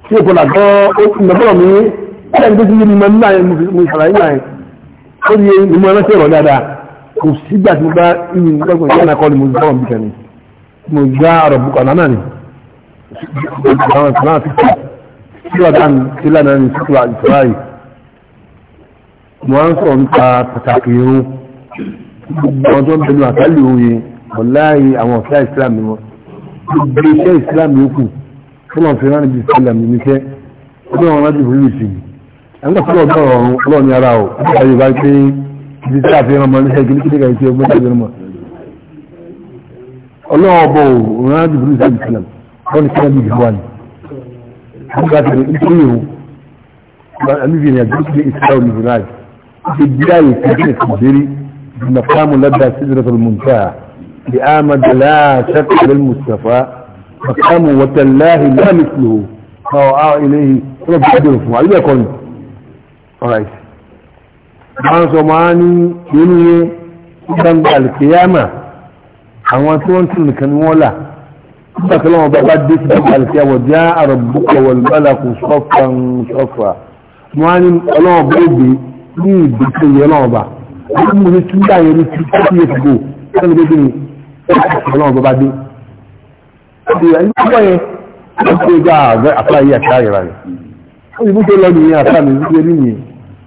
tí ó náà ẹ̀rọ tó ti yé mi mọ nígbà yẹn mo ṣàlàyé yẹn ó ti yé mi mọ ẹlẹ́sẹ̀ dáadáa kò sígbà tí mo bá ìwé ìgbàgbọ́ ìyá náà kọ́ ni mo sọ̀rọ̀ bí kẹ́ni mo gbá ọ̀rọ̀ bùkọ̀ náà ni àwọn ìsìláà ti kọ́ síwá dáni sílá náà ni síkúrò àìsíláà yìí mo á ń sọ̀rọ̀ nípa pàtàkì irun gbogbo ọjọ́ bẹnu àtàlì òye ọ̀láyé àwọn ọ̀fẹ́ ìsìláàmù wọn gbogbo iṣẹ́ ìsìláàmù yòókù fún ọ̀fẹ́ náà níbi ìsìláàmù níṣẹ́ ọdún àwọn aláàbò fún ìsìnkú ẹ̀ńgbà fúlọ̀ náà ọ̀run ọlọ́ ní ara ò ayé bá pé ibi tí a fi ẹran mọ ní ẹgbẹ́ kíkẹ́ kan tí ọgbọ́n tàbí ẹran mọ ọlọ́wọ́ bọ̀ ò rán jùbìlì sáà jùlọ wọ́n ní kíkẹ́ bíi wà ní nígbà tí ó ń yòó àmìbí ni àjọ ìpínlẹ̀ ìsirá òní ìrájì ti di ààyè kẹ́kẹ́ ìkàdérí ìgbìmọ̀ fáàmù lábẹ́ àṣírí mùnká li ámàdà láàṣẹ́kọ̀ lẹ́nu mùsàfà mọ̀kámù wọ́tẹ̀ láàhì láàmì fìlò ọ̀ ilé ìfúnà bí wọ́n bẹ̀rẹ̀ fún wa ilé ẹ̀kọ́ ni alright wọ́n sọ máa ní inú yẹ gbangba alkiyama àwọn tí wọ́n tún nìkan wọ́n là nígbà tí wọ́n bá bá dé sí gbangba alkiyama já àrùbù kọ̀wọ̀n bala kò sọ́fà ń sọ́fà wọ́n ní ọlọ́wọ́ bó gbé ní ìgbé tó yẹ bá wọ́n mú ní tún dá yẹn ní tó yẹ fúgbó wọ́n ní bébí ni ọlọ́wọ́ bá bá dé. ìgbà yẹn wọ́n ti gbà àfáà yìí àti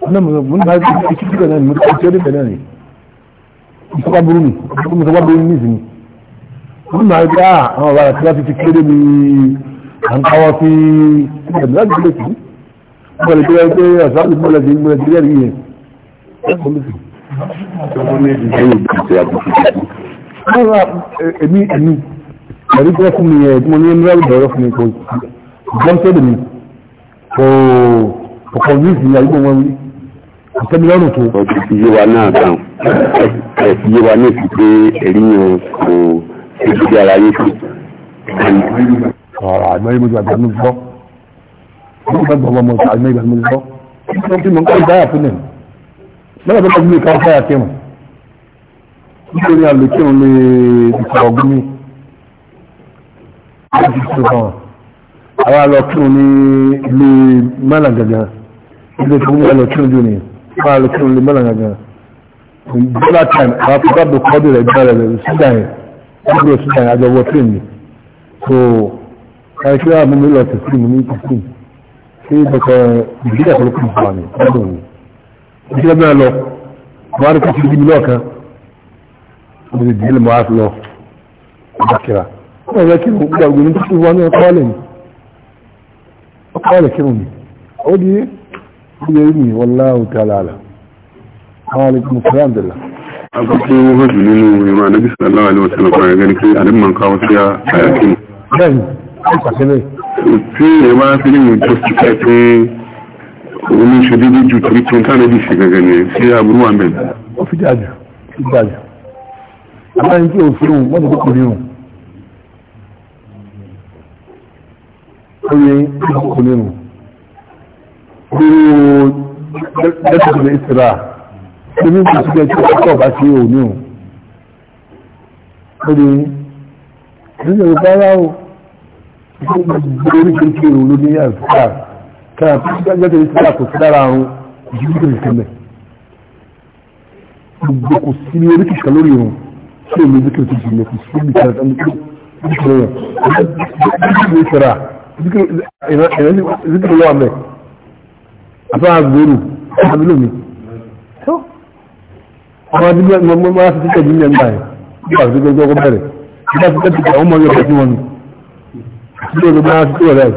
wannan mun ba shi ciki da nan mun ce da nan ne saka buru ne kuma saka buru ne zini mun ma ga a ba ta fi ciki da ni an kawo fi da nan da ki ko da ya ce ya sa mun da mun da ya yi èmi èmi ẹ̀rí tí wọ́n fún mi yẹn tí mo ní ẹni rẹ́rù bẹ̀rẹ̀ fún mi kò gbọ́n sódò mi kò kò kò ní ìsìn àyíkò wọn rí àtẹ́mi lọ́rùn tó. ọjọ́ ti yé wa náà dàn ẹ ti yé wa ní èsì pé ẹ̀rí yẹn kò ṣe ti di ara yé tó. ọ̀rọ̀ àgbẹ̀ yìí mo ti wà gbàgbọ́ gbọ́ mo ti gbàgbọ́ mo ti àgbẹ̀ gbàgbọ́ gbọ́ mo ti mọ̀ nǹkan ìdáyà fún mi lọ́dọ̀ tó kọjú mi ká fáyà kírun nítorí àlè kírun lè ìsọ̀rọ̀ gún mi àwa lọ kírun ní ilé mẹ́là gàgà ilé tó ń wọ́n máa lè kírun lè mọ́nà gangan bọ́lá time àwọn akọ́kọ́ bò kọ́dù rẹ̀ gbára rẹ̀ sídà yẹn ọdún sídà yẹn àjọwọ́ tí mi so ẹ kí wàá mú mi lọ tẹ̀sí mi ní tẹ̀sí kí dọ̀kọ̀ ìdílé ẹ̀kọ́ ló kù fún mi ọdún mi ìdílé bẹ́ẹ̀ lọ wọ́n á rí kọ́sí ìdílé ọ̀kan ọdún ìdílé mọ́ á lọ ọdún kíra wọ́n rẹ̀ kírun gbàgbé ní tẹ̀sí wọn ní ọkọ̀ ọ̀lẹ̀ mi ọkọ̀ ọ̀lẹ̀ kírun mi ó di ilé rí mi wallahu ta'ala alam àwọn alaikum salam dala. agbókè owó hajj nínú ìran anabi sallallahu alaihi wa sallam kan gani pé àdébí máa ń káwọ́ sí àyàkí mu. bẹ́ẹ̀ni ó pàṣẹ bẹ́ẹ̀. tí ẹ bá fi ní ìwọ̀n jọ́sí pé pé òun ní ṣe déédéé ju torí tó ń tán níbi ìṣe gẹ́gẹ́ ni ṣé aburú wà mẹ́rin. ó fi dájú fi ó yẹ kókò nírun. ó yẹ lẹ́tọ̀tọ̀ lè sira ẹni kò sí ẹjọ́ ọkọ̀ bá ṣe òní o ó ní ẹni ìwé bára o gbogbo oríṣiríṣi èrò ló ní àzùkà káà tó ṣe lẹ́tọ̀tọ̀ lè sira kò sí lára àrùn ìdílé tó lè sẹlẹ̀ gbogbo kò sí ní oríṣiríṣi kan lórí òun ṣé èmi ló kí o ti jìnnà kò sí ní ìkàrà tán lókè ìdílé rẹ̀ ẹni ìwé sira ìdílé wà mẹ́ àbá àgbèrò àmì lómi tó ọmọ adúgbò mọ́ mọ́ láti títẹ̀ nílẹ̀ ń báyìí bí wà sí gbogbo bẹ̀rẹ̀ bí wà sí tẹ́tù àwọn ọmọ yóò bẹ̀ sí wọn ni bí wọ́n bá sí tẹ́tù rẹ̀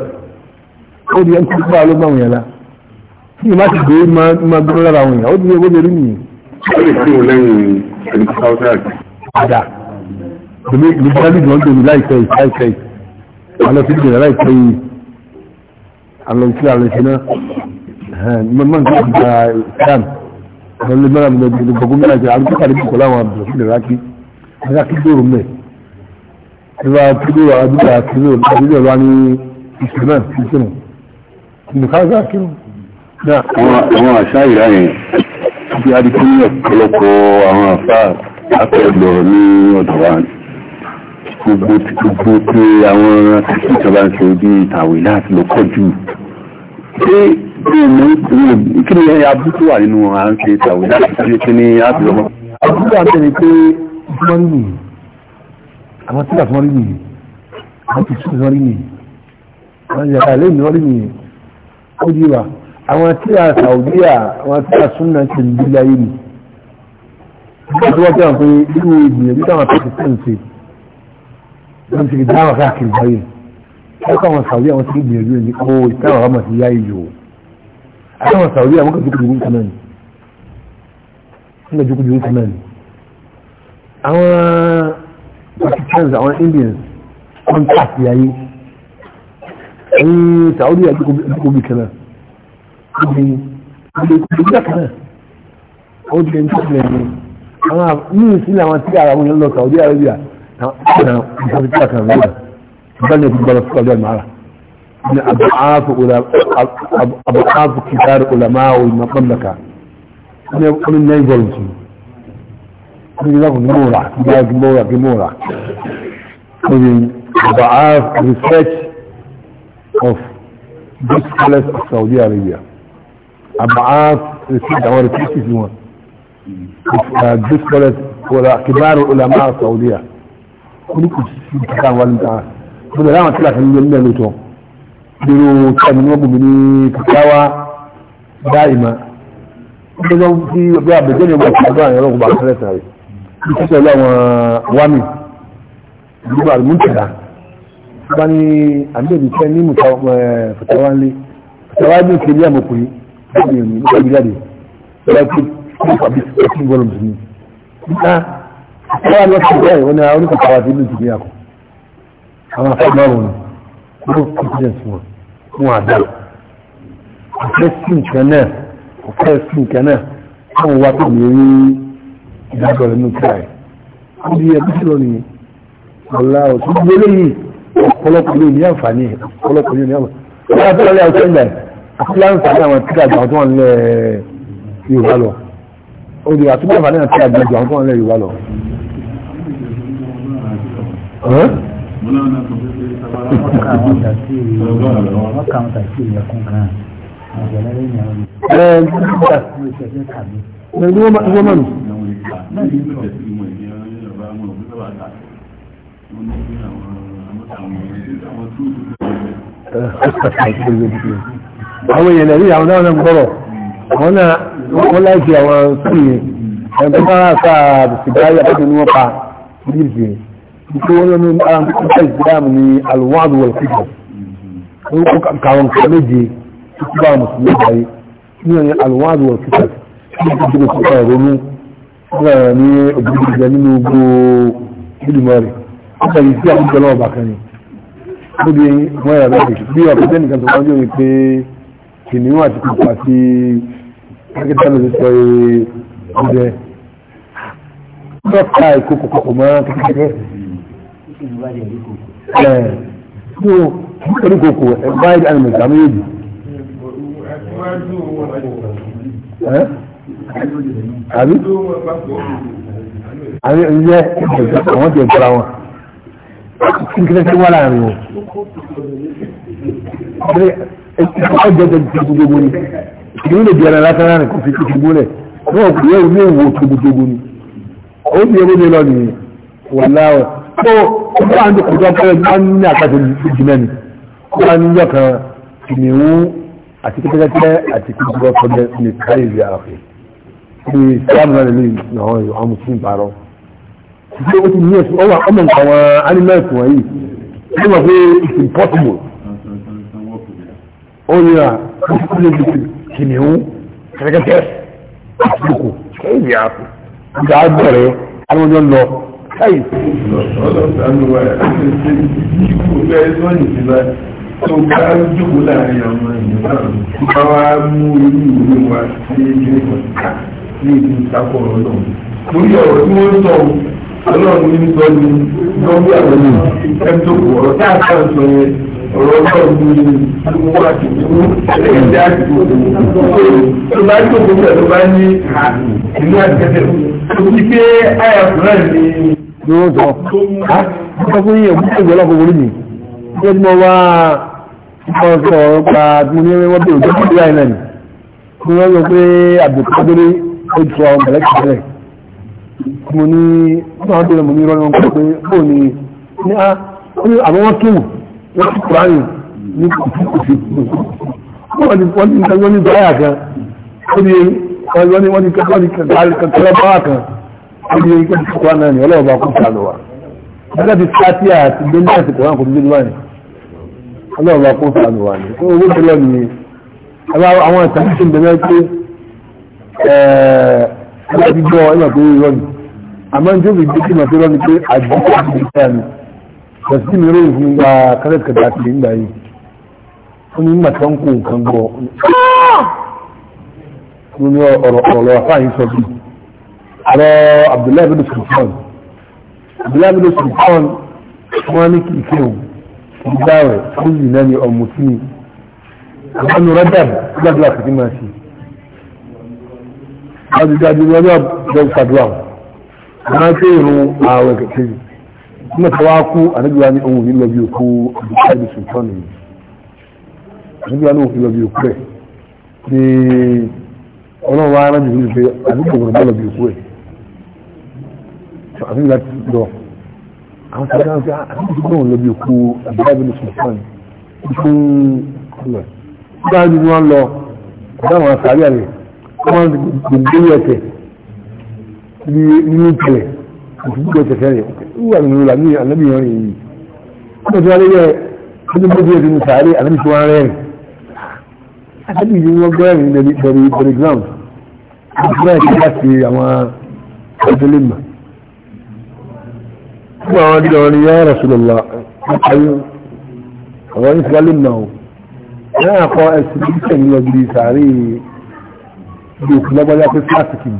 ó di ẹni tó bá ló bá wọn yẹn la tí ìmá ti dé máa gbọ́n lára wọn yẹn ó di ewé lórí nìyẹn. ó lè kí o lẹ́yìn ẹni tó sáwọ́ sáà jù. àdá èmi ìlú bíálí ìdùnnú tó mi láìpẹ́ yìí láìpẹ́ yìí àlọ́ sí ìdùnnú láìpẹ́ yìí àlọ́ sí àlọ́ ìṣẹ́ náà mọ́n tó ti gba islam àwọn ilé mẹ́rin lọ bí gbogbo mẹ́rin àti àwọn kíkà níbi kọ́lá àwọn àbùrọ̀ sílẹ̀ rákì rákà kí dòrò mẹ́ ìwà kílò àdúgbò àkílò àdúgbò wa ní ìṣẹ̀lẹ̀ ìṣẹ̀lẹ̀ ìdùkánsá kílò. àwọn àṣà ìlà yẹn bí a di kí ní ọ̀pọ̀lọpọ̀ àwọn àfà àpẹẹlọ ní ọ̀dọ̀ wa gbogbo gbogbo pé àwọn ìjọba ń ṣe bí ìtàwé láti lọ kọjú kí ni kí ni abúkú wà nínú à ń ṣe tàwùdá àti kí ni àbúrọ̀mọ́. abúkú àti ẹni pé ìfúnmọ́rí nìyí àwọn tí àfúnmọ́rí nìyí àwọn tí ìfúnmọ́rí nìyí àwọn tí àlẹ́ ìmọ́rí nìyí ó di wa àwọn tí a sàwùdíà àwọn tí a súnà ti ń bí láyé nìyí wọ́n wọ́n tẹ́wọ̀n pé irú ìgbìyànjú táwọn pakistan ṣe wọ́n ti dáwà káàkiri báyìí ẹ̀kọ́ àwọn sàwí àwọn ti gbìyànjú ẹni kó ìtàwọn àmọ̀ ti yá iyò aláwọ̀ Saudiya muka jùkú jùkú kanáà muka jùkú jùkú kanáà ni àwọn Pakistans àwọn Indians contact yayi ẹ̀yìn Saudiya jùkú bí kanáà ọdún ìgbà kanáà ọdún ẹni tó tilẹ̀ ni àwọn míì sílẹ̀ àwọn tí ara wọn yẹn lọ Saudi Arabia àwọn ìgbà kanáà ìgbà kanáà ìgbà kanáà ìgbà kanáà ìgbà kanáà من أضعاف أضعاف كتار علماء المملكة من نيفولتي من لغة جمورة جمورة جمورة من أضعاف research of this palace of Saudi Arabia أضعاف research our research is one of this palace كبار العلماء السعودية كل كل كان والد عاش كل العلماء كلها في المملكة nínú tẹ́mi wọ́n bùnmi ní kàkáwá dáìmá ọjọ́ tí ọgbẹ́ àbẹ̀jẹ́ ni wọ́n kàgbọ́n àyẹ̀rọ ọgbà kẹrẹsà rẹ̀ ní títẹ̀ ilé àwọn wámi nígbà mú tẹ̀dá bá ní àmìlẹ́bí tẹ́ ní fàtàwálé fàtàwálé ní ìkèlé àmọ̀kù yìí ní ìrìn ní ìgbà jáde lọ́wọ́ tó kí pàbí fifteen volumes ní nígbà fàtàwálé wọ́n ti bẹ́ẹ̀ wọ́n ní oníkàkàwá sí ìlú ìtìgbéyàkọ̀ àwọn afẹ́ márùn-ún ní ó kọ́ fún àdá ọ̀fẹ́ sí nǹkan náà ọ̀fẹ́ sí nǹkan náà fún wa tó lè rí ìdájọ́ rẹ̀ nínú kíláì ó di ẹbí sí lọ́nìí ọ̀la ọ̀tún gbélé yìí ọ̀pọ̀lọpọ̀ lè ní àǹfààní ọ̀pọ̀lọpọ̀ lè ní àǹfààní ọ̀la tó lọ́lẹ́ ọ̀tún ìgbà àkúlá ń fàánì àwọn tíkà àgbà Ẹ̀rọ wọ́n mọ̀ nù. Àwọn èèyàn lẹ́rí àwọn náà gbọ́rọ̀, àwọn náà wọ́n láìsí àwọn sí ẹ̀kọ́ bá rà sáà sí báyà tó ní wọ́n pa ní ìgbìyànjú ìṣòro ní àǹkà islam ní alwadu wal fitr orúkọ mhm. kàwọn kan méje tó kú bá mùsùlùmí báyé ní ọ̀yẹ́ alwadu wal fitr tí ó ti gbogbo sọ́kọ̀ ronú ọ̀rọ̀ ní òbíbi ìjẹ nínú gbogbo ìlúmọ̀ rẹ̀ ó bẹ̀rẹ̀ sí àwọn ìjọba ọba kan ni ó di wọ́n yàrá rẹ̀ bí ọ̀pẹ̀ tẹ́ nìkan tó wọ́n yóò rí pé kìnìún àti kùkù àti akẹ́kẹ́ ló ti sọ ọ̀rẹ́ ọ̀rẹ́ ọ̀pẹ̀ ìkókò kọ̀ọ̀mọ́ kékeré tó ẹni kòkò ẹ báyìí àmì ìsàmì yóò di. àbí àbí ẹ̀yẹ àwọn tẹ̀ gbọ́ra wọn kíkẹ́ tí wọ́n láàrin wọn. ọjọ́ tẹ̀ ti gbogbo ni ìdílé lè di ẹran lásán láàrin kò fi ti gbólẹ̀ náà kò yẹ ìwé ìwò tó gbogbo ni. ó ti yẹ kó lè lọ nìyẹn wọ́n láwọ̀ tó wà ní kòjọ pẹ́rẹ́ bá ní àkàtà ìjìnà ni wà ní yọ kan kìnìún àti kẹ́kẹ́kẹ́ àti kòjọ pẹ́rẹ́ ní káyé ìyá rẹ̀ ní ìsìlámù náà lè nà ọ́ yọ àmú fún ìbárọ̀ ṣùgbọ́n ó ti ní ẹ̀sùn ọmọ ọmọ nǹkan wọn animals wọ̀nyí ó mọ̀ pé it's impossible ó yẹ à ó lè di kìnìún kẹ́kẹ́kẹ́ àti kòkò kẹ́yìn ìyá rẹ̀ ìgbà á bẹ̀rẹ̀ àwọn ọjọ́ lọ káyì. ọlọ́pàá ló wà láti ṣe kíkú bẹ́ẹ̀ sọ́ọ̀nì ti bá tó bá jókòó láàrin àwọn ènìyàn náà tó bá wá mú irú ìwé wa sí ilé ìwọ̀nká ní ìlú ìtakọ̀ ọlọ́run. lórí ọ̀rọ̀ tí wọ́n sọ ọlọ́run ní sọ ní lọ́wọ́ àwọn ènìyàn ẹ̀ tó kọ̀ ọ̀rọ̀ tá a kà ń sọ yẹn ọ̀rọ̀ ọlọ́run ní ìlú wa ti mú ẹ̀yìn dá àdúgbò tó bá jókòó pẹ̀lú bá ní inú àdìgẹ́tẹ̀ tó ti gbé àyàkùnrin ní ni wọ́n sọ á ah, sọ fún yíyẹ fún ìgbẹ́ lọ́kọ̀ orí mi ṣé tí mo wá wọ́n sọ pa tí mo ní wọ́n bèrè tó kọjá ilẹ̀ ni tí wọ́n sọ pé àbùkádéré ó sọ àwọn mẹ̀lẹ́ kẹ̀kẹ́ tí mo ní wọ́n máa bèrè mo ní rọ́ọ̀nù ah, wọn pé ó ní ní á àwọn wọn kéwù wọ́n ti kúrò àyè ní kòtìkòtì wọ́n ti wọ́n ti ń tẹ́wọ́n ní dọ́yà kan ó ní wọ́n ti kẹ́kọ̀ọ́ ní kẹ́kọ̀ọ́ ọdún yìí kí wọ́n náà ní ọlọ́wọ́ bá kún sàlọ̀ wa nígbà tí sátíà àti gbẹ́ndà àti kọ̀ọ̀rán kò gbé lọ́wọ́ ni ọlọ́wọ́ bá kún sàlọ̀ wa ni ó owó tó lọ nìyí àwọn ìtàkì tó ń bẹ̀rẹ̀ pé ẹ̀ẹ́ ẹ̀ẹ́ gbọ́ ẹ̀yà pé ó àmọ́ ní tó fi gbé kí màá pé ọ̀rọ̀ àfáà yìí sọ bíi ààrẹ abdullahi bin sultan abdullahi bin sultan wọ́n ní kí ìkéwù ìdáwẹ̀ fún ìlànà ni ọmọ tí ni àwọn rọ́dàb gbàdúrà kìí máa ṣe wọ́n dájú rọ́dàb jẹ́ ìṣàdúrà wọ́n ké irun ààrẹ kẹ̀kẹ́ yìí wọ́n tẹ́ wá kú àníjúwa ní ohun ìlọ bí òkú abdullahi bin sultan yìí àníjúwa ní ohun ìlọ bí òkú rẹ̀ ní ọlọ́run wa arájú ní pé àdúgbò gbọdọ̀ bí òkú rẹ̀ àbí láti ah, lọ àwọn sọ̀rọ̀ náà àti ìdúgbò wọn lọ́bi òkú àbúrò ní sultan fún ọ̀rẹ́ nígbà tí wọ́n lọ ọ̀dọ́ àwọn àsàrí àrẹ wọ́n gbogbo ẹ̀tẹ̀ ní nínú ìpẹ̀lẹ̀ òṣùgbò ẹ̀tẹ̀ rẹ̀ wúwà nínú ìlà ní àlẹ́bí wọn rìn yìí wọ́n tẹ̀sí wọn lẹ́yẹ ọdún mọ́tò ẹ̀tẹ̀ ní sàárè àlẹ́bí tí wọ́n rẹ̀ rìn àlẹ́bí yìí wọ́n gbọ́ rìn lẹ́ni bẹ̀rẹ̀ ground àbúrò ẹ̀tẹ̀ láti àwọn ọdún lè mọ̀ gbogbo àwọn gidi wọn ni yá Rasulullah ayé àwọn ìsìlálẹ̀ náà wọ́n àkọ́ ẹ̀sìlẹ̀ ní ọgbìn sàárè bí òkú lọ́gbọ́dá pé fásitì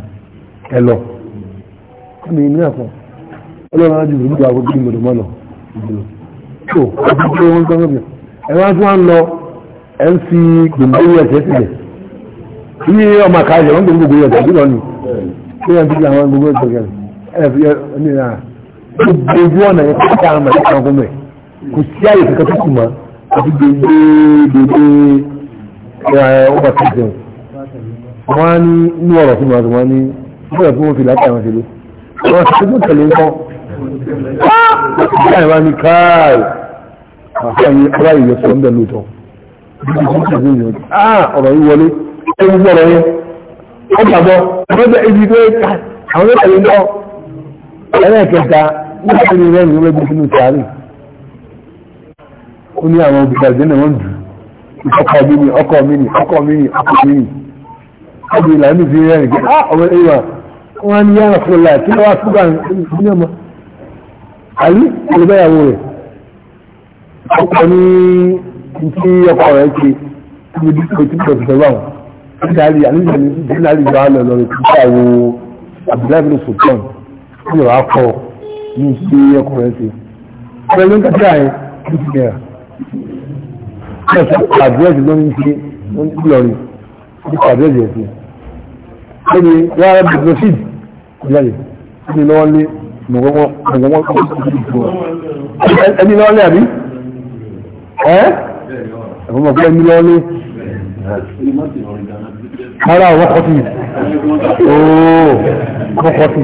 ẹ̀lọ́ ní ní àkọ́ ọlọ́run ajé ìlú àwọn gbogbo ìmọ̀dọ̀ mọ́nà ìgbìmọ̀ tó ọdún wọn gbọ́n gbọ́n ẹ wá tún wá ń lọ ẹ ń fi gbòǹgbò ẹ̀jẹ̀ sílẹ̀ ní ọmọ àkàjẹ̀ wọ́n gbòǹgbò ẹ̀jẹ̀ bí lọ́nìí ah gbogbo ojú ọ̀nà yẹn kọ́kọ́ àwọn ọmọdé kan gómẹ̀ kò sí àyè kankan tó kù mọ́ àti gbogbo gbogbo ọba tó jẹun wọ́n á ní inú ọ̀rọ̀ fún wọn wọ́n á ní bọ́ọ̀lù tí wọ́n fi látà wọn ṣeré wọ́n á tẹ́gbọ́n tẹ̀lé ń kọ́ ṣáà wá ní káàì àfààní aráyè yọ sọ̀rọ̀ ń bẹ̀ lóòótọ́ ọ̀rọ̀ yìí wọlé ẹ̀rù gbọ́rọ̀ yẹn ọgbàgbọ́ ẹgbẹ́ ibi ẹlẹ́ẹ̀kẹta nígbà ní rẹ̀ ní ológun sínú sàárì ó ní àwọn olùgbàjẹ́ náà wọ́n dùn ọkọ̀ mi ni ọkọ̀ mi ni ọkọ̀ mi ni ọkọ̀ mi ni ọdún ìlà ní fi rẹ̀ rẹ̀ gẹ́ ah, ọmọ ìwà wọ́n ní yára fún ọlá kí wọ́n fúgbà ní ọmọ àyí olùgbàyàwó rẹ̀ ọkọ̀ ní tí ọkọ̀ rẹ̀ ṣe ní bí kò tí kò tí sọ́wọ́ àwọn nígbà rí àníjẹ̀ ní ìdílé àlejò àlọ́ lọ́rẹ̀ kí ó lè wá kọ́ ní ìṣe ọkùnrin sí ọ̀rẹ́ ló ń kàtí àyè tó ti bẹ̀rẹ̀ náà sọ àdírẹ́sì ló ń ṣe ló ń lọrin ó ti kọ àdírẹ́sì ẹ̀ sí ó ní rárá bí lọ fíìd kò jáde ó ní lọ́wọ́ lé mọ̀gbọ́n ẹni lọ́wọ́ lé àbí ẹ́ ẹ̀fọ́n mọ̀ ẹni lọ́wọ́ lé ara àwọn kọ́tì ooo kọ́tì